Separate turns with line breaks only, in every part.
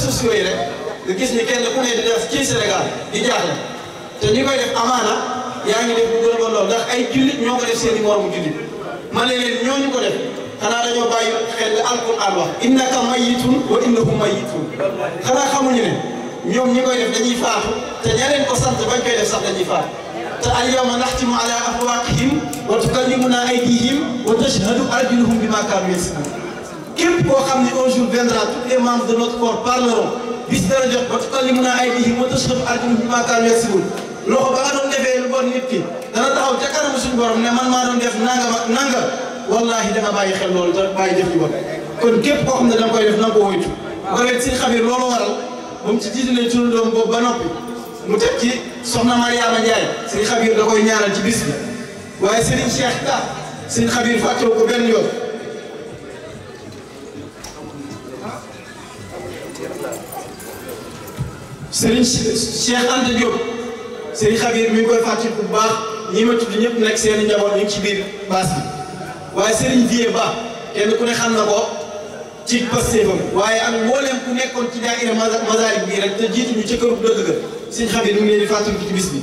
sociaux yi rek nga gis ni kenn ku ne di def ci Sénégal di jaaxle te ñi koy def amaana yaa ngi def bu gën a bon ay jullit ñoo ko def seen i moromu jullit ma ne ñoo ñooñu ko def xanaa dañoo bàyyi xel la alquran wax innaka mayitun wa innahum mayitun xanaa xamuñu ne ñoom ñi koy def dañuy faatu te ña leen ko sant bañ koy def sax dañuy faatu te al yawma naxtimu ala afwaqihim wa tukallimuna aydihim wa tashhadu arjuluhum bima kaanu yasnun képp koo xam ne un jour viendra tous les membres de notre corps parleront bis dara jot ba tukallimuna aydihim wa tashhadu arjuluhum bima kaanu yaksibuun loxo ba nga doon defee lu bon nit ki dana taxaw ca kanamu suñu borom ne man maa doon def nanga ma nanga wallahi danga bàyyi xel loolu te bàyyi def ci bon kon képp koo xam ne danga koy def nanga ko woytu bu ko wet si xabir loolu waral ba mu ci jiitalee turu doom boobu ba noppi mu teg ci soxna Mariama Ndiaye sëñ xabir da koy ñaanal ci bis bi waaye sëriñ Cheikh Ka sëñ xabir fàttewu ko benn yoon Serigne Cheikh Anta Diop Serigne Xabiir mi ngi koy fàttali bu baax ñi ma tudd ñëpp nag seen njaboot ñu ci biir baas bi waaye Serigne Vieux Ba kenn ku ne xam na ko ci pastéefam waaye ak mbooleem ku nekkoon ci daayira Mazaalik bii rek te jiituñu ca kër bu dëgg ga Serigne Xabiir mu ngi leen di fàttali ci bis bi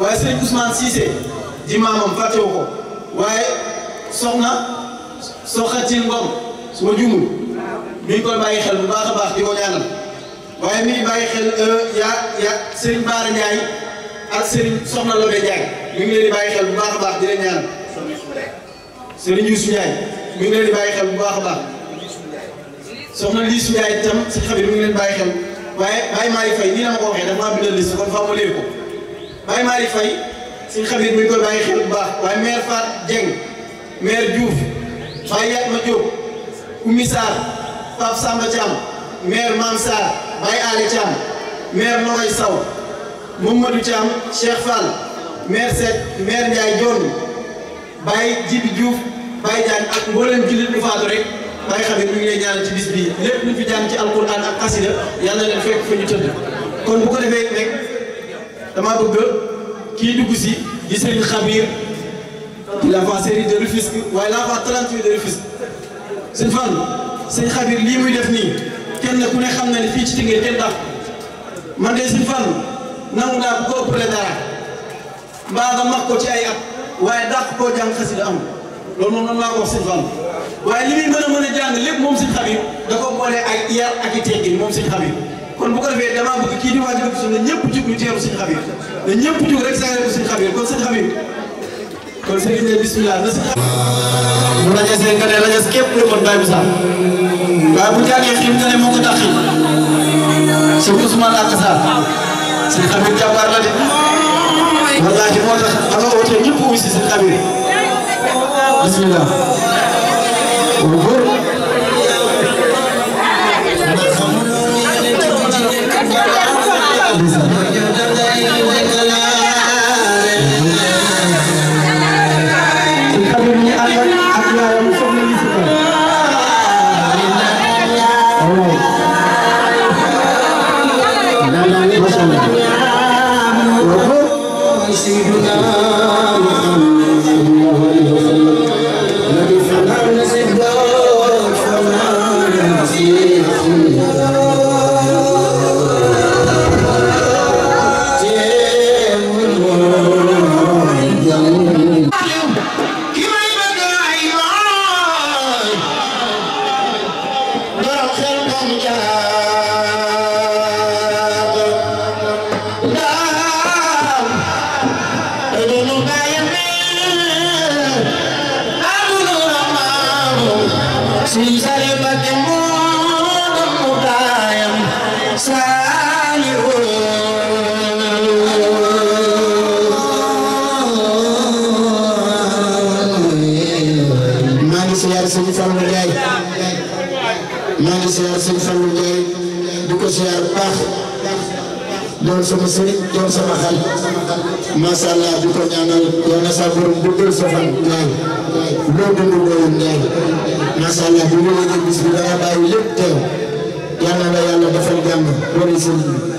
waaye Serigne Ousmane Cissé di maamam fàttewu ko waaye soxna Soxatin Ngom su ma jumul mi koy bàyyi xel bu baax a baax di ko ñaanal. waaye mi ngi bàyyi xel euh, yaa yaa Serigne Bara ak Serigne Soxna Lode Ndiaye mi ngi leen di bàyyi xel bu baax a baax di leen ñaan Serigne Youssou xel bu baax a baax soxna Lissou Ndiaye tam si xam mi ngi leen bàyyi xel waaye Baye Malick Faye nii la ma ko waxee dafa maa bindal liste kon faaw ma léegi ko Baye Malick Faye suñu xarit mi ngi koy bàyyi xel bu baax waaye maire Fat Dieng maire Diouf Baye Yatma Diop Oumy Sarr Pape Samba Thiam maire Mame Sarr. Baye Alé Thiam maire Nogoy saw Mamadou Thiam Cheikh Fall maire Seck maire Ndiaye Dione Baye Djibi Diouf Baye Diagne ak mboolem jullit bu faatu rek Baye Xabir ñu ngi lay ñaanal ci bis bii lépp luñ fi jàng ci alquran ak xasida yàlla na leen fekk fa ñu tëdd kon bu ko defee rek dama bëgg kii dugg si di Serigne Xabir di la fa série de Rufisque waaye la fa 38 de Rufisque sëñ Fall sëñ Xabir lii muy def nii. kenn ku ne xam na ne fii ci Tëngéej kenn daf man de si fan nangu naa ko ëppale dara mbaa nga mag ko ci ay at waaye dàq koo jàng xasida am loolu moom noonu laa ko wax si fan waaye li muy mën a mën a jàng lépp moom Sëñ Xabib da ko boole ak yar ak i teggin moom Sëñ Xabib kon bu ko defee damaa bëgg kii di waaj a dugg si ne ñëpp jug ñu teeru Sëñ Xabib ne ñëpp jug rek saa yore ko Sëñ Xabib kon Sëñ Xabib. kon sëriñ ne bismillah na sax bu rajasee nga ne rajas képp lu mën sax waaye bu jàngee xiim nga moo ko taxi sëñ Ousmane ak Sarr sëñ Xabir jàmbaar la de wallaahi moo tax ama oote ñëpp uy si sëñ Xabir bismillah
see you now. maa ngi siyaar sëñ Fallou Ndiaye di ko siyaar baax doon sama sëriñ doon sama xal macha allah di ko ñaanal yal na sa borom guddal sa fan Ndiaye loo dund loolu Ndiaye macha allah bu ñu bis bi da nga bàyyi lépp teew yal na la yàlla defal jàmm loolu sëriñ bi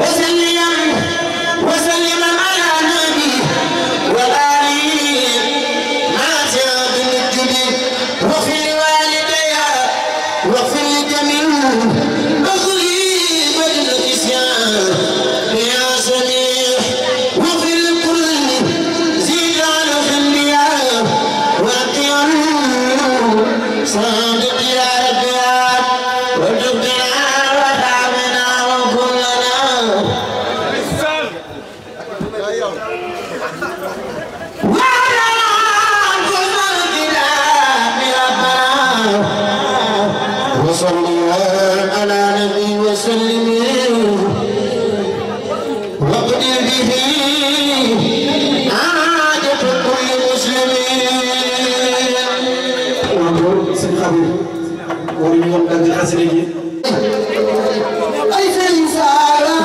What's
sëñ Xabir waruñu woon dal ci xasida gi
ay sëñ Saara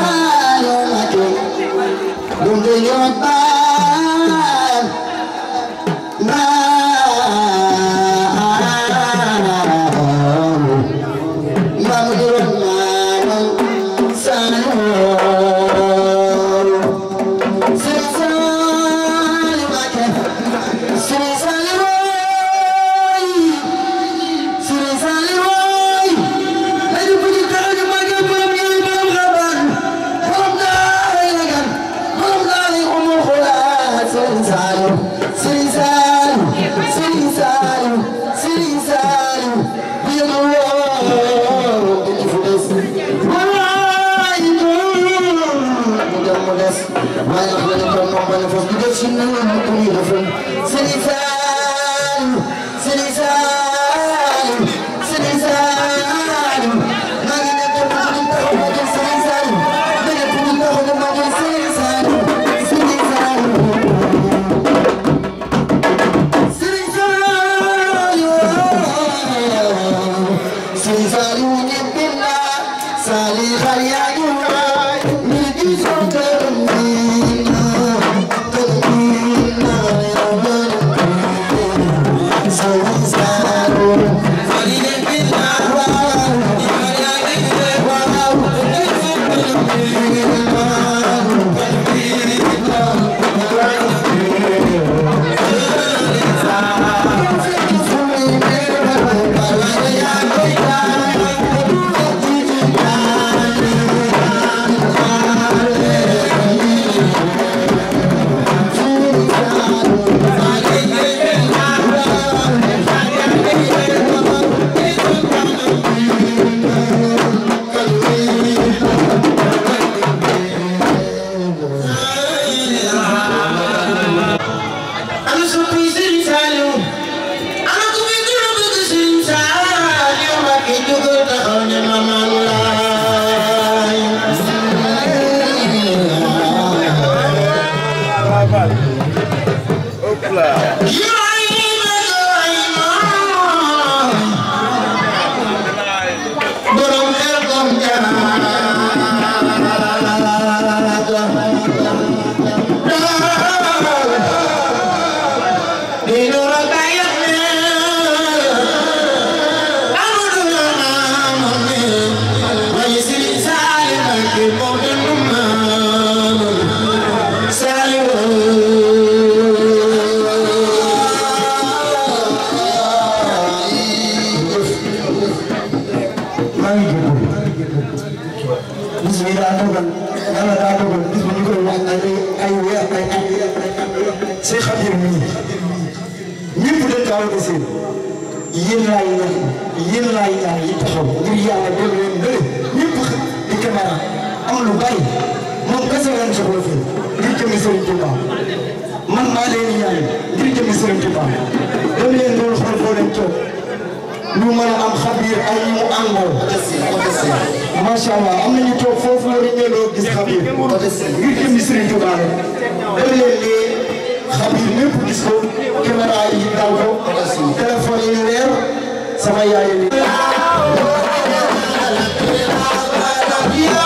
ويغلق المعمل فوق جيش من المكر يغفر سلسان سلسان macha allah am nañu toog foofu war a ñëloo gis Xabir ngir jëm Serigne Touba la léeg-léeg Xabir ñëpp gis ko caméra yi daw ko téléphone yi leer sama yaay yi